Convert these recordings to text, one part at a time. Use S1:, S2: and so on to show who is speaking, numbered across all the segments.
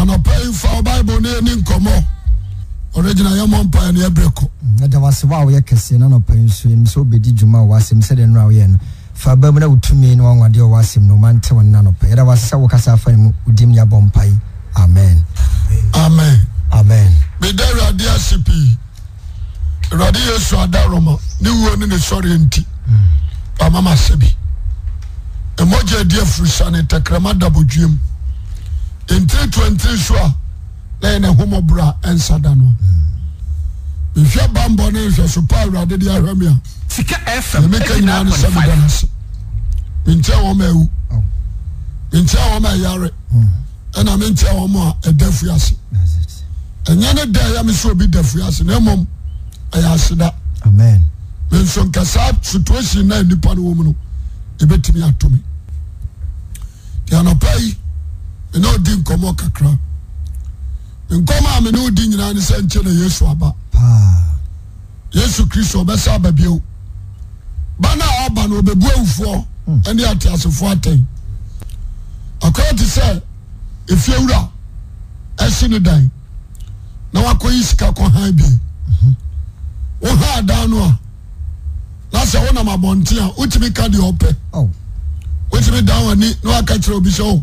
S1: anɔpai fa bible na ɛni nkɔmɔ ɔginaɛmɔpaa nbrɛkɔawse woyɛ kɛsenopɛwaɛabaamunnaaws ɛw beda awurade ase pi awurade yesu adaɔmane wuo nnesɔe nimamɛia aafrsan kmaaa nti tanti so a na yɛno homberɛ a ɛnsada no mehwɛ bambɔ no mhwɛso pa awurade deɛ aha mu a meka nyinaa nosɛmedamse menky ɔmaw menmyr ɛna menky wɔm a da fuiase nyɛ no da yame sɛ obi da fuiase na mmom ayɛ aseda mnso nkasaa sotoa syi no nnipa no womuno bɛtumi atomi anpayi mene odi nkɔmɔ kakra nkɔmɔ a mene odi nyinaa ne sɛ nkyɛ na yesu aba yesu kristo ɔbɛsɛ aba bio ba no a ɔba no ɔbɛbu awufoɔ ɛne mm. ateasefoɔ atɛn akora te sɛ ɛfie wura ɛhye ne dan na wakɔyi sika kɔhan bie mhm. wohaa dan no a na sɛ wonam abɔnten a wotumi ka deɛ ɔpɛ wotumi dan w'ani na waka obi sɛ o oh,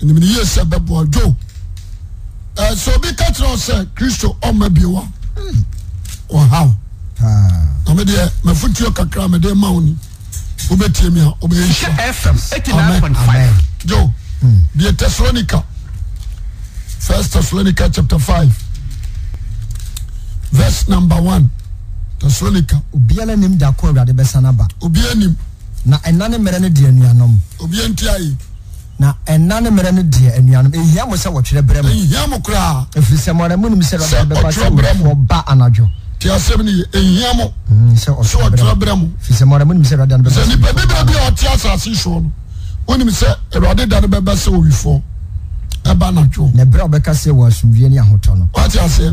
S1: sɛɛaosɛ eh, obi ka kerɛ o sɛ kristo ɔma biwa ha ah. medeɛ mafotu kakra made ma woni wobɛtiemi a wobɛɛo tesalonika firs tessalonika chapte 5 vers numb oe tesalonika iaa nia ɛb iaani na ɛnane mme no de anuanom iantia na ɛna ne mmerɛ no deɛ anuanom ɛhia mo sɛ wɔtwerɛ berɛ mu ɛhia mo koraa ɛfiri sɛ mɔrɛ munim sɛ rɔba mm, bɛba sɛ wurafoɔ ba anadwo tí a sẹ́mi nìyẹ èyí mu sẹ ọ̀tún abẹ́rẹ́ mu fisẹ mọ̀rẹ́ mu ni sẹ ẹ̀rọ̀dẹ́ bẹ́ẹ̀ sẹ nípa bíbélà bí ọtí asase sọ no wọ́n ni sẹ ẹ̀rọ̀dẹ́ dání bẹ́ẹ̀ bẹ́ẹ̀ sẹ òwì fọ́ ẹ̀ bá nàjọ. nà ẹ̀bẹ̀rẹ̀ ọ̀bẹ̀ka sẹ wọ asùnwìyẹ ní no. wọ́n ti à sẹ́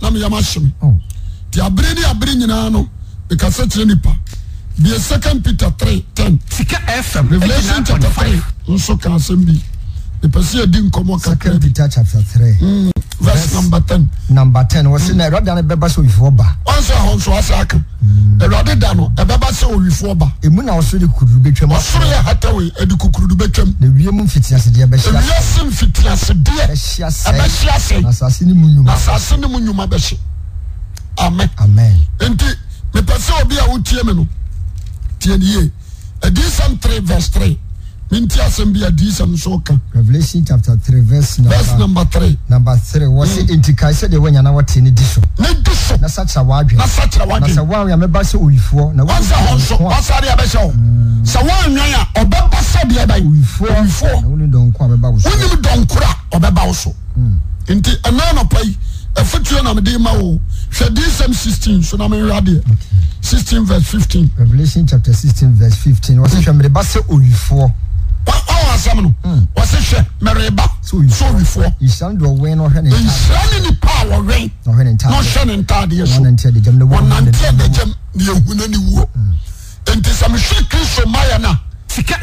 S1: na meyama ahye m ndi aberede abere nyinaa no beka sɛkyerɛ nipa biɛ seɛn peta 3 10revt a3 nso ka asɛm bi nipɛ sɛ yadi nkɔmmɔkakra3 nɛfɔ shnsoase k deda no ɛbasɛ ifoɔ b soroyɛ ha de kurudu bɛawi se mfitiasedeɛssse n muwu h nimpɛsɛbiawotm noiadsant vs3 nti asɛm bi adi sɛm ka revelation chapter 3 verse number, verse number 3 number 3 wɔ sɛ enti hmm. kae sɛdeɛ woanya na wɔte ne di so ne di so na sakyera w'adwene na sakyera w'adwene na sɛ woanwea mɛba sɛ oyifoɔ na wansɛ hɔ nso wasadeɛ bɛhyɛ wo hmm. sɛ woanwea a ɔbɛba sɛdeɛ bɛn oyifoɔ oyifoɔ na wonim dɔnko a bɛba wo so wonim dɔnkoro a ɔbɛba wo so hmm. nti ɛna anɔpa yi ɛfotuo na mede ma wo hwɛ dsɛm 16 so na menhwɛ 16 verse 15 revelation chapter 16 verse 15 wɔ sɛ hwɛ mede ba sɛ oyifoɔ wawɔ asɛm no wɔse hwɛ mereba sɔwifoɔ nhyira ne nipa a wɔwɛn na ɔhwɛ ne ntaadeɛ so wɔnante adagyam ne yɛhuna ne wuo hmm. enti sɛ mehwɛ kristo mayɛ no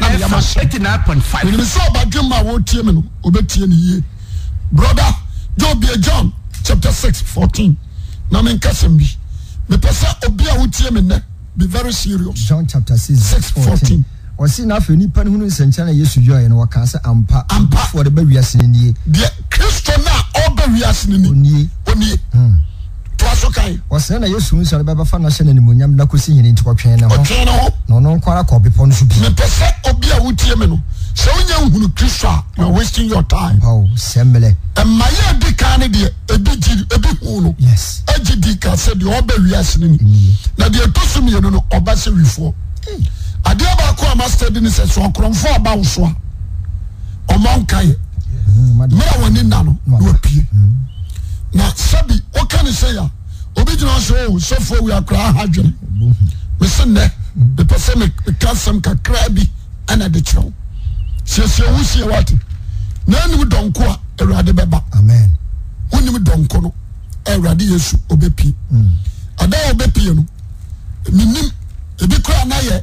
S1: menim sɛ ɔbadwe ma a wɔtie me no ɔbɛtie ne yie brother jobia john chapter 6 14 na mi. bi mepɛ sɛ obi a wotie me nnɛ be very serious john chapter six fourteen. ɔsi na afei nipa ne ho nsɛnkyɛn na yesu yɔ yɛ no wɔka sɛ ampa ampa foɔ de bɛ wiase ne nie. deɛ kristo na ɔbɛ wiase ne nie onie hmm. toa so kan. ɔsɛn na yesu nsɛn bɛ bɛfa na na nimonyam na kosi yini nti ɔtwɛn ne ho ɔtwɛn ne ho na ɔno nkɔ ara kɔ bepɔ no so bi. mepɛ sɛ obi a wotie mi no sɛ wonya nhunu kristo a you are wasting your time. mpawo sɛmblɛ. ɛma yɛ edi kan ne deɛ ebi ji ebi hu no. yes egi di kan sɛ deɛ ɔbɛ wiase ne nie na deɛ ɛtɔ so mmienu no ɔba adeɛ baakoa mastadi no sɛ soakrɔmfo bawosoa ɔmakaɛ merɛ nina ie na sɛbi okan sɛ gnasɛfo rawe snɛ pɛsɛkasɛm kakrabi na dekyɛwo sesie ho sieawadeyse dabɛpie en bi kora nayɛ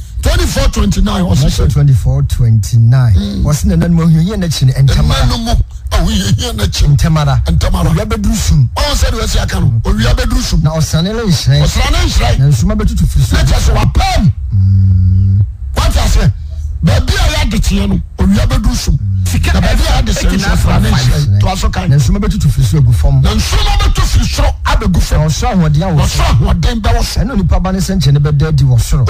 S1: 29 mm. ɔse mm. na nanum ahoɛyina kyi ne ntmaraa bɛ smna ɔsane no nyerɛna nsoma bɛtuto firi sosɛ wpan wtsɛ baabia yɛdeteɛ no wa bɛdsm nsoma bɛtuto firi so agu fɔmnen ban sɛnkyɛ ne bɛdaa di wɔ sor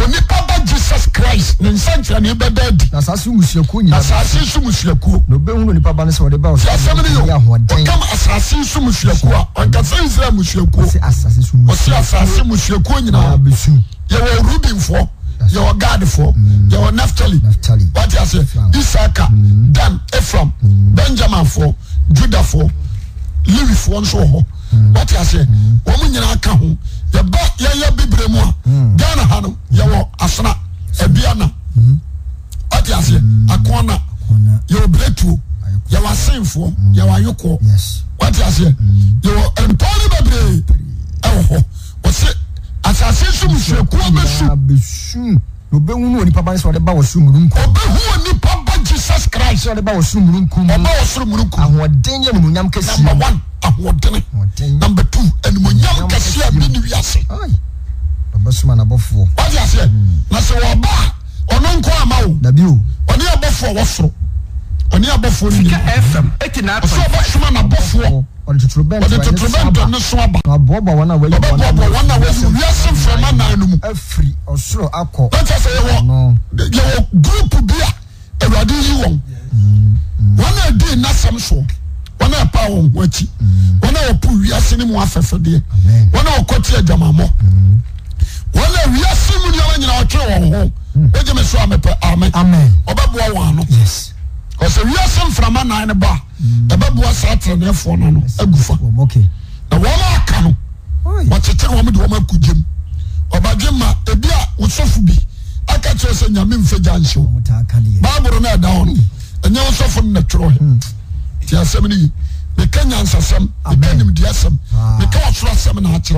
S1: yɛwɔ gadfoɔ yɛwɔ naftali watease isaka dan efram mm. benjaminfoɔ judafoɔ lewifoɔ nso wɔ hɔ mm. wateaseɛ wɔ m mm. nyinaa ka ho yɛba yɛyɛ bibre mu a ghana ha no yɛwɔ asena aduana wateaseɛ akona yɛwɔ berɛtuo yɛwɔ asenfoɔ yɛwɔ ayokoɔ wateaseɛ kuo bɛ su. bɛ su obe hun wɔ ba sɛ ɔde obe hun wɔ ba jesus christ. sɛ wɔ suru muru nkun mu. wɔ suru muru nkun. ahoɔden yɛ nimunyam kɛseɛ. number one ahoɔden. number two nimunyam kɛseɛ bi ni wiase. baba suma na bɔfoɔ. wadi aseɛ na hmm. sɛ wɔba ɔno nkɔ ama o. dabi o. ɔne abɔfoɔ wɔ soro ɔne abɔfoɔ ni sika fm eighty nine point five. ɔsɔ ɔbɔ suma na bɔfoɔ. ɛwɔ group bia awurade yi wɔ ɔnee nasɛm soɔ n pɛ wn ho aki ɔn wɔpo wiase no muafɛfɛdeɛ n wɔɔte awamamɔ nawiae muna nyinaɔɛ n hm ɔbɛoa n an sɛ wi sɛ framanno ba baasana akao kyekere mde koe badema bia wosofo bi akakeɛ sɛ nyame feae ba no daoo yɛsfo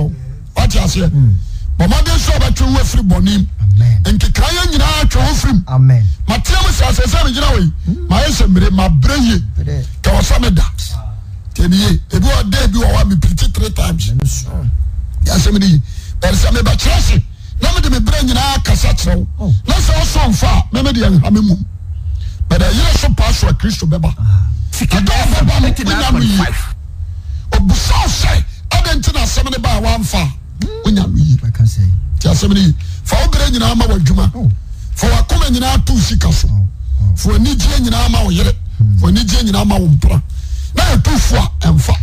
S1: ona ɛ de sɛ bɛtwo wofri bɔnem nti ka yɛ nyinaa atwa wo firim mateɛ m sɛ asɛ sɛ megyina wei mayɛ hmm. sɛ mmere mabrɛ ye ka wɔ sɛ meda tɛniye ebi wɔ da bi wɔ mepirikyi three times yɛasɛm ne yi bɛre sɛ mebɛkyerɛ se na mede me nyinaa kasa kyerɛ wo oh. na sɛ wosɔ mfa a memede yɛnha me mum bɛdɛ yerɛ so paa kristo bɛba adɔɔbɛba ah. no wonya no yie ɔbusa sɛ adɛn nti na asɛm ne baa woamfa hmm. wonya no yie nti asɛm ne yi woberɛ nyinaa ma wadwuma oh. fa wakoma nyinaa to si ka so oh, oh, f anigyee nyinaa ma wo yere hmm. f anigyee nyinaa ma wo mpra na atu fu ah. a ɛmfa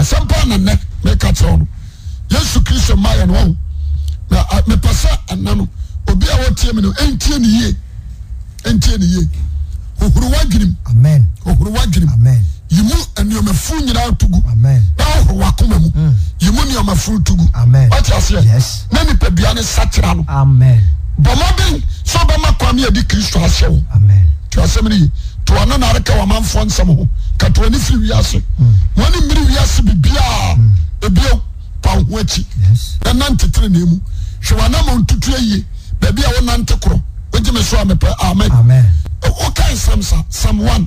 S1: asɛmpaa nanɛ meka tɛ o no yesu kristo ma yɛ noɔ mepɛ sɛ ana no obi a wɔtiɛ mu no ɛntie nye ɛntie nyiee dhrow dwinim ymu anumaf nyinaa nnafnaakeram ɛbɛma kwam kristo asɛonfiri senemir wise bibiakhe jeme soame pa ameame o kan samsa sam one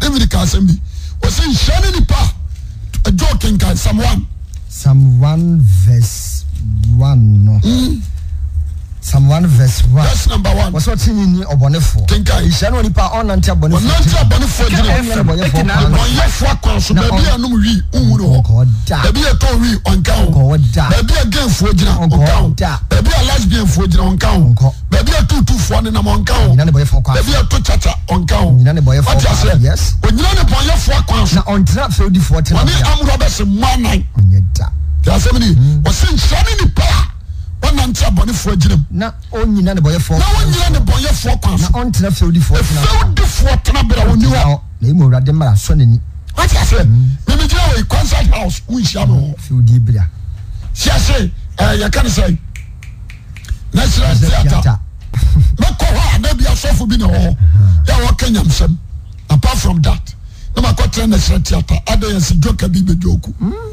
S1: devirikasambi ausen shanini pas ajokenkan sam one same one vese one no mm. psalm one verse one. verse number one. wọ́n sọ ti yin ni ọ̀bọ̀nifọ̀. tinka yi. ìṣẹ́ náà nípa ọ̀nàntí abọ̀nifọ̀. ọ̀nàntí abọ̀nifọ̀ jìnnà fún ẹ̀kì náà ọ̀nyẹ́fọ̀ akọ̀nso bẹ̀ẹ̀bi ànum wi nhun wọ̀. ọ̀kọ̀ọ̀dà bẹ̀ẹ̀bi ẹ̀tọ́ wi ọ̀nkàn. ọ̀kọ̀ọ̀dà bẹ̀ẹ̀bi ẹ̀gẹ́nfọ̀ jìnnà ọ̀nkàn. bẹ̀ẹ̀bi alasbiẹ̀nfọ̀ jìnnà ọ̀nkàn. bẹ̀ẹ̀bi ẹ̀tutufọ̀ nenam ọ̀nkàn. bẹ̀ẹ̀bi ẹ̀tọ́ chacha ọ̀nkàn. onyina ni bọ̀yẹ̀fọ̀ kwan. onyina ni bọ̀yẹ̀fọ̀ kwan. na ọ̀ntina fẹ́ẹ́ di fọ́ tẹ́lẹ̀. wọ́n ní amúrọ̀ bẹ́sẹ̀ mọ́ àná. ọ̀nyẹ́ da. yà á sẹ́mi ni ọ̀sẹ̀ nṣẹ́ ni ni ɔnante abɔnefoɔ agyirim na ɔnyina ne bɔyɛfoɔ na ɔnyina ne bɔyɛfoɔ kwan so na ɔntena fɛwdifoɔ tena fɛwdifoɔ tena bere a ɔni hɔ na emu awurade mmara asɔ n'ani wati ase mímí gyina wɔ yi concert house wunhyia mi hɔ fɛwdi bira si ase ɛɛ yɛka ne sɛ national theatre mɛkɔ hɔ a n'abi asɔfo bi na wɔ hɔ uh-huh. yɛ wɔ kenya nsɛm apart from that ne ma kɔ tena national theatre adayɛnsi joka bi bɛ dwoku. Mm.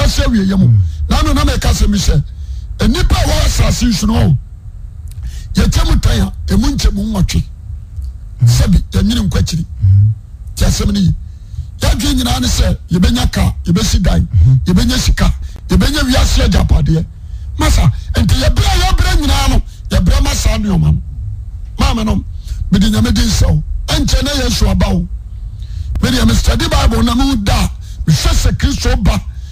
S1: as wieyimu mm. nano namakasɛmesɛ nipa wa sase son yakemu taa mukemo a ta yen kr a mm. mm. mm-hmm. ka iea kristo ba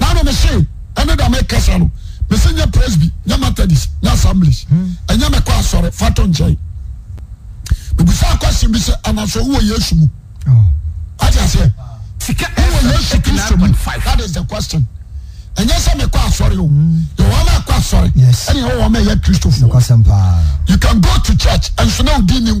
S1: nnmese ndamkese meseye preseb yeadis assemble ymeks fa smyaristo ouan go to church ansonodin wo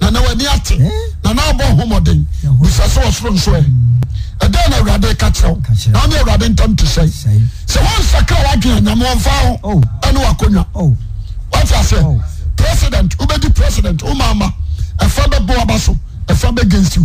S1: nnwani at hmm? nana bɔ hoɔdn wusɛ sɛ wɔsoro nso ɛdɛ na awurade ka terɛ wo na ne awurade ntamtosɛe sɛ wonsɛkaa woadwena nyamɔmfa ho oh. ɛne wakowa oh. woafiasɛ oh. president wobɛgi president woma ama ɛfa bɛbo aba so ɛfra bɛ ganstim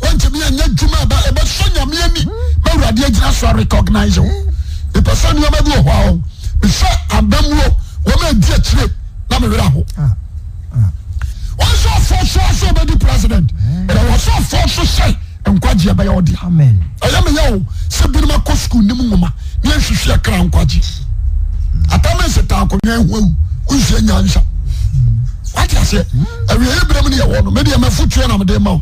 S1: kimiya kuma o ai e ina soaeconise a esident oo o kai oafo adema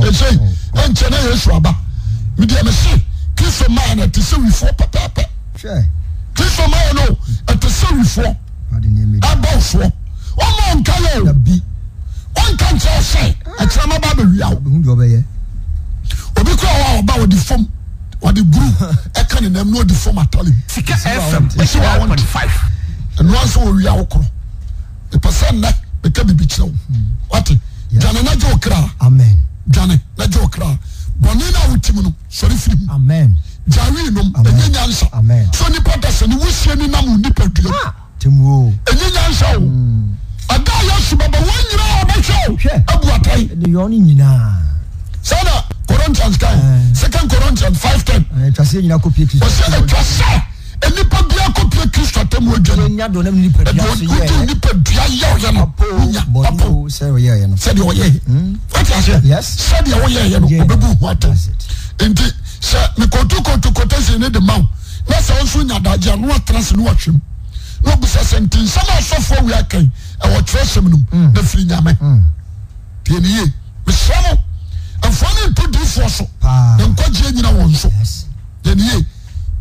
S1: ɛsei ɛnkyɛ ne yesu aba medeɛ mese kristo tu no ɛte sɛ wifoɔ pɛpɛɛpɛ kristo maa no On sɛ wifoɔ abɔfoɔ ɔma ɔnka yɛ o ɔnka nkyɛ sɛ ɛkyerɛma ba bɛwia wo obi a ɔba wɔde fam wɔde buru ɛka ne nam na fam atale sika fm ɛsi wa wɔnte ɛnoa nso Et wo korɔ ɛpɛ sɛ nnɛ meka biribi kyerɛ wo gye amen dan kra bnnwotinrfi an nnynsaso nipa dasn wosien namo nipa dynyansa ayɛbaba wnyinaɛwaynsna crnians rnians 5wɛyn anipa bia kɔpia kristo tamɛɛ hmm? de ma a ɛf a eɛ hmm. fu hmm. ne d so ne yina o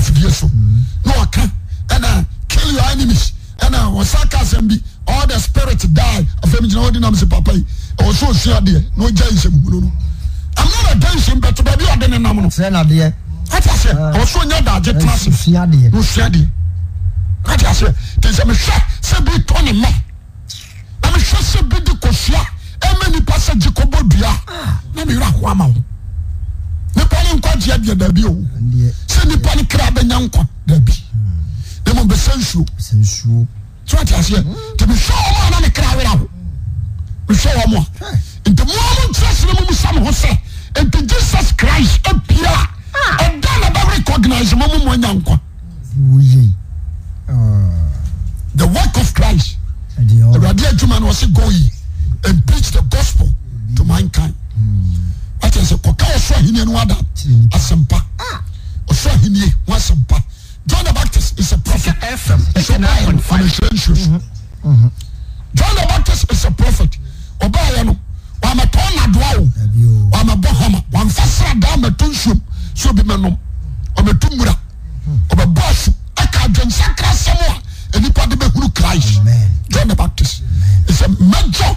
S1: fde sone mm. ka n killns n sa kesembi ssye dmew sɛ bde s meni se ik nipa no nkageada dabio sɛ nipa no kra bɛnya nkɛsamusamho njesus risa the wok of christ awad adwumanase goi an preach the gospel to mankind hmm. ɛso hen oodasmpaenosmp mm. ah. jone baptist isaproetesra ɛ jonebaptist isapropetaraabawesakra sɛma nipa de bɛhuru crit johne baptist is mm-hmm. mm-hmm. mao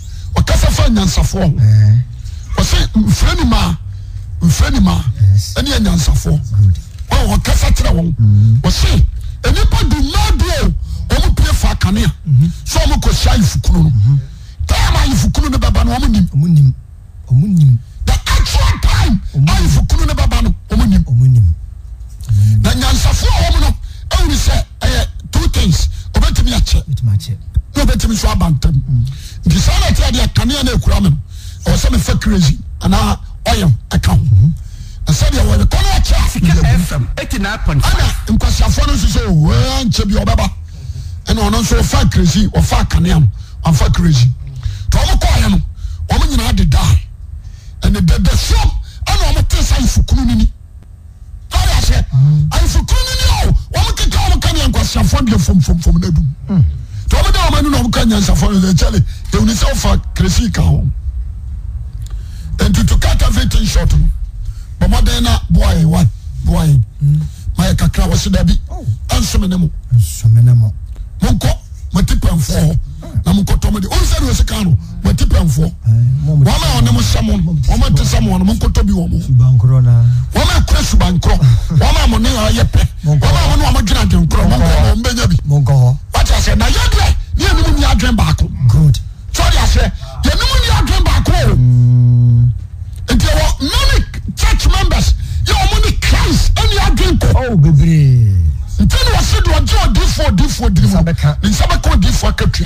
S1: fa nyansafoɔ eh. ɔse mfrɛnm mfrɛnma ɛneɛ nyansafoɔ hɔ kɛsa tyerɛ wɔ ɔse anipa dumaduo ɔmpie fa kane a mm-hmm. sɛ ɔmɛkɔsɛ ymfokunu no mm-hmm. timamfukunu no bɛbanɔmnm e actual time amfokunu no bɛban ɔmnim na nyansafoɔ womno ɛwuru sɛɛɛ to tings timikye etimisoaba satde kanene krame wsemefa crs n yka sek nkasaf skeb nsfa cr fa kan fa re myinadedands nmtesefoknnn kronn mkeeomkaneanka safod fn tmedemanuasfe nsefa kresika ntto ateetin shot bomadena bo maye kakra wosedai nsomenem monko matipanfu mome eeka pem m ea eeedke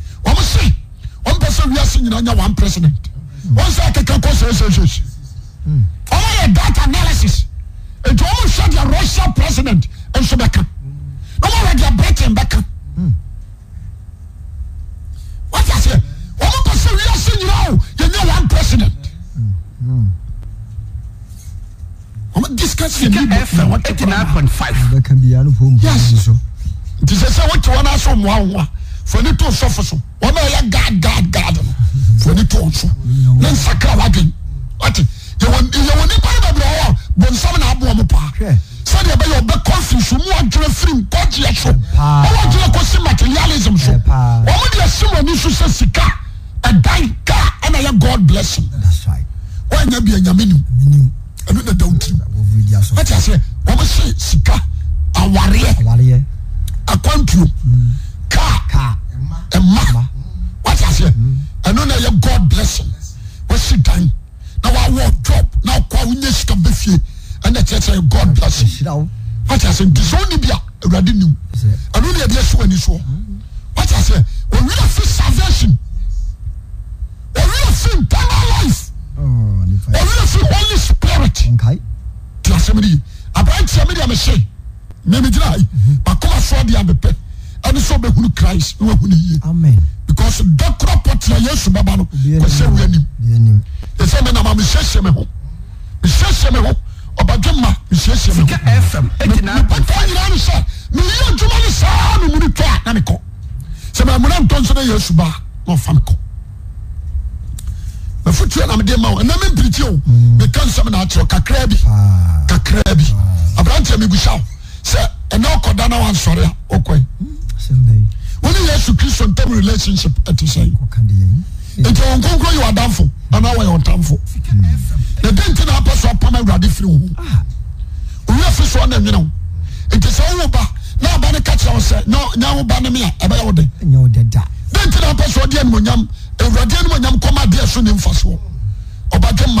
S1: ɔmo se ɔmo pɛ sɛ wiase nyinaa nya one president wɔn sɛ akeka kɔ sɛsɛsɛs ɔmo yɛ data analysis nti ɔmo hwɛ deɛ Russia president nso bɛka ɔmo hwɛ deɛ Britain bɛka wɔte aseɛ ɔmo pɛ sɛ wiase nyinaa o yɛ nya one president. ɔmo discuss yɛ ni bɔ eighty nine point five. yes nti sɛ sɛ wote wɔn aso mu ahoa fɔ ne to sɔfo so. ya ga ntos skrayn osamnm pa sdye onfe s a fri s materialism mdsn s sika ka nya god blessin yebi yamn n s sika aware ano a ti aseɛ ɛno na yɛ god blessing wɔsi dan na wawɔ job na ɔkɔ awo nye sika bɛ fie ɛna kyerɛ sɛ god blessing wɔti aseɛ nti sɛ ɔni bi a awurade nim ɛno na yɛde ɛsi wɔ ani soɔ wɔti aseɛ owura fi salvation owura fi internal life oh, owura fi holy spirit ti asɛm ni yi aberanteɛ mhm. mi de ɛmi se mɛmi gyina yi bakoma sɔɔ de abɛpɛ ɛni sɔ bɛ hunu christ ɛwɔ hunu yie. amen. eausedakra poterayasubabosɛweni semenamessomessm ho dma mesɛneɛakakrabi tms sɛ ne mm. dan sre woneyesu kristo ntam relationship atsɛ nkonr ydamfny enti ne ap so an wurade firi fi so ne wene ni sɛ woho ba na ba ne ka kerɛ wo sɛ anɛ ntinp denya wue nnya ɔadesonefa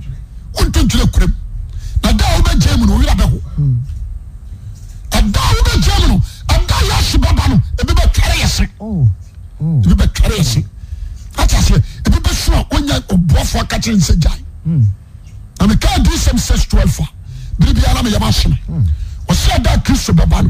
S1: rinse ai na me ka desemses 12 a biribina me yama sen oseda christo baban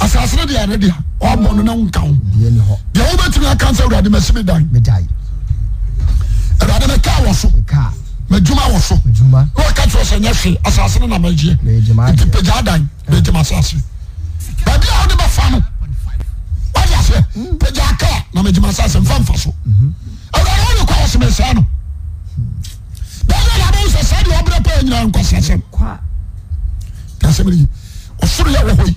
S1: asase no deɛ ɛne deɛ ɔbɔ no na nka ho deɛ wobɛtumi aka sɛ awurade masi me dan awurade meka wɔ so madwuma wɔ so na wɔka kyerɛ sɛ nyɛ hwee asase no na magyeɛ nti pagyaa dan bɛgyama asase baabi a wode bɛfa no wode aseɛ mm. pagyaa ka. na magyama asase mfa mfa so mhm. awurade wode kɔ wɔ so mesaa no bɛyɛ yɛbɛwo sɛ saa deɛ ɔbrɛ paa nyinaa nkɔsɛsɛm asɛm no yi ɔsoro yɛ wɔ hɔ yi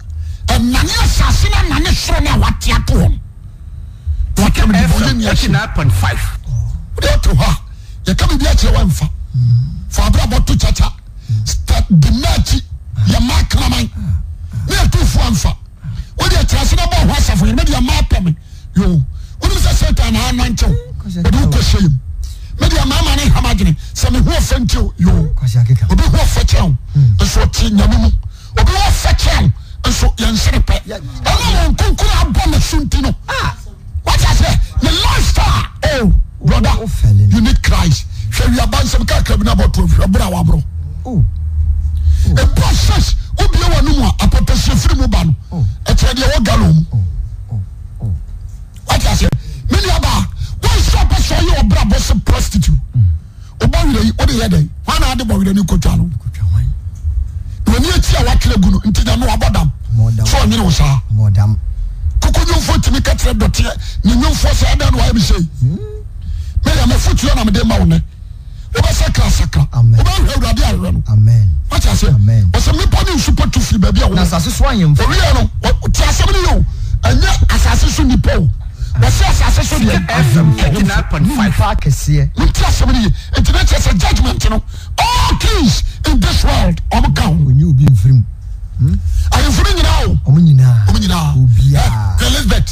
S1: nansesin nane soro n o tiat aa i e e oyɛnsere pɛ ɛnewo nkoko abole sonti no watasɛ ye lonsta oue cris wɛbansm kakrabinbwɛrwbr fa kɛseɛ nti sɛmneyɛ ntinekɛsɛ judgment no okis inthis world ob ka ye obi firimu hmm? firiyinao myinamynaiit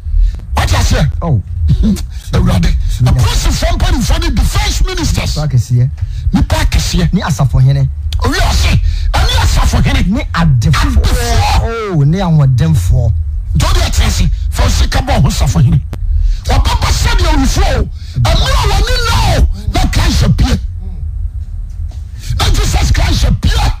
S1: wọ́n ti ase oh. ewurade apolisifoɔ mpanimfoɔ ni defence ministers nipa akɛseɛ ni asafohene owi ɔse ɛni asafohene ni adefoɔ adefoɔ oh, ni ahoɔdenfoɔ jɔnni ɛkyerɛ se fɔwusi kaba ɔho safohene ɔbɛbɔ sɛbi ɔwufoɔ ɛni ɔwɔ ni naa o na kan hyɛ pie na jesus kan hyɛ pie.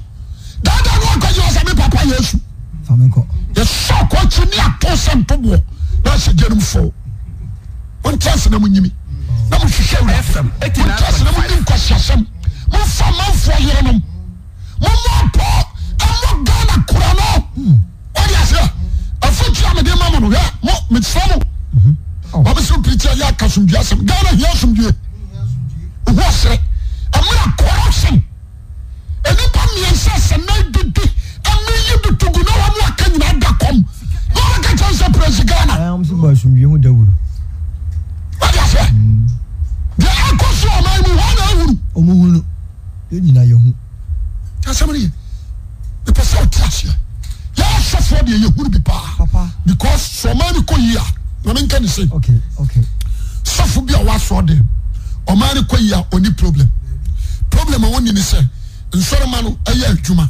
S1: ysemepopoyesu esokokimiatosatob seamfo etasenmii ka aanyina yɛɛɛɛfdyɛh a beusɛɔma mikɔyi amnkanise sɔfo bi a woasɔ de ɔmane kɔyia ɔni problem problem awɔnini sɛ nsɔrema no ɛyɛ adwuma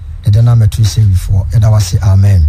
S1: ɛdɛ no amɛto sɛ wifoɔ ɛda wase amen